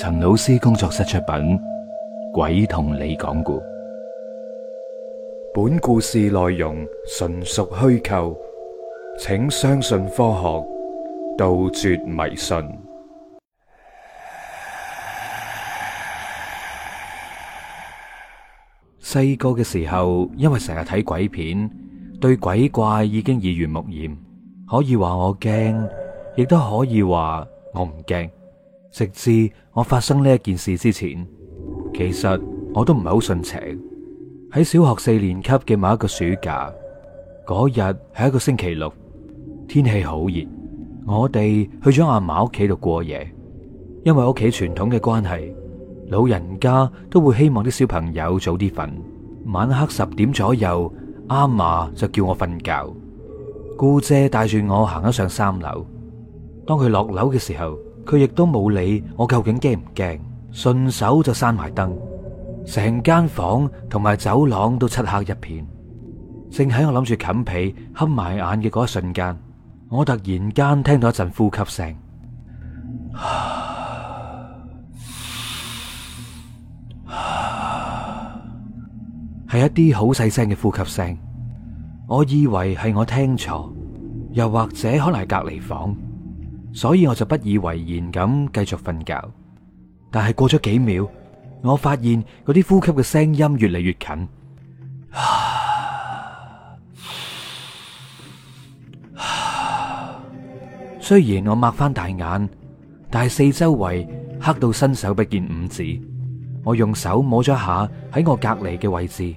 陳老師工作室出品《鬼同你講故》，本故事內容純屬虛構，請相信科學，杜絕迷信。細個嘅時候，因為成日睇鬼片，對鬼怪已經耳濡目染，可以話我驚，亦都可以話我唔驚。直至我發生呢一件事之前，其實我都唔係好信邪。喺小學四年級嘅某一個暑假，嗰日係一個星期六，天氣好熱，我哋去咗阿嫲屋企度過夜。因為屋企傳統嘅關係，老人家都會希望啲小朋友早啲瞓。晚黑十點左右，阿嫲就叫我瞓覺，姑姐帶住我行咗上三樓。當佢落樓嘅時候，佢亦都冇理我究竟驚唔驚，順手就閂埋燈，成間房同埋走廊都漆黑一片。正喺我諗住冚被，瞌埋眼嘅嗰一瞬間，我突然間聽到一陣呼吸聲，係一啲好細聲嘅呼吸聲。我以為係我聽錯，又或者可能係隔離房。所以我就不以為然咁繼續瞓覺，但係過咗幾秒，我發現嗰啲呼吸嘅聲音越嚟越近。雖然我擘翻大眼，但係四周圍黑到伸手不見五指。我用手摸咗下喺我隔籬嘅位置，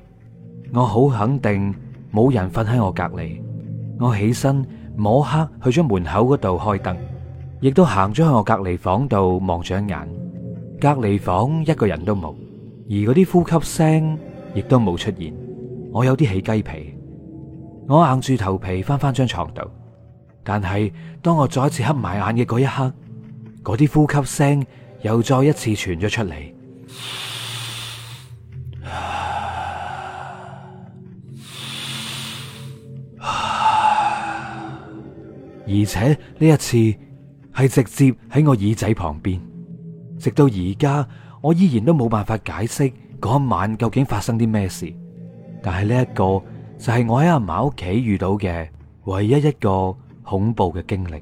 我好肯定冇人瞓喺我隔籬。我起身摸黑去咗門口嗰度開燈。亦都行咗去我隔離房度望咗眼，隔離房一個人都冇，而嗰啲呼吸聲亦都冇出現。我有啲起雞皮，我硬住頭皮翻翻張床度。但係當我再一次黑埋眼嘅嗰一刻，嗰啲呼吸聲又再一次傳咗出嚟。而且呢一次，係直接喺我耳仔旁邊，直到而家我依然都冇辦法解釋嗰一晚究竟發生啲咩事。但係呢一個就係我喺阿嫲屋企遇到嘅唯一一個恐怖嘅經歷。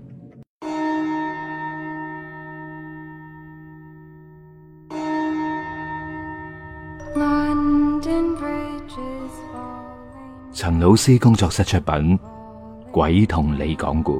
陳老師工作室出品，《鬼同你講故》。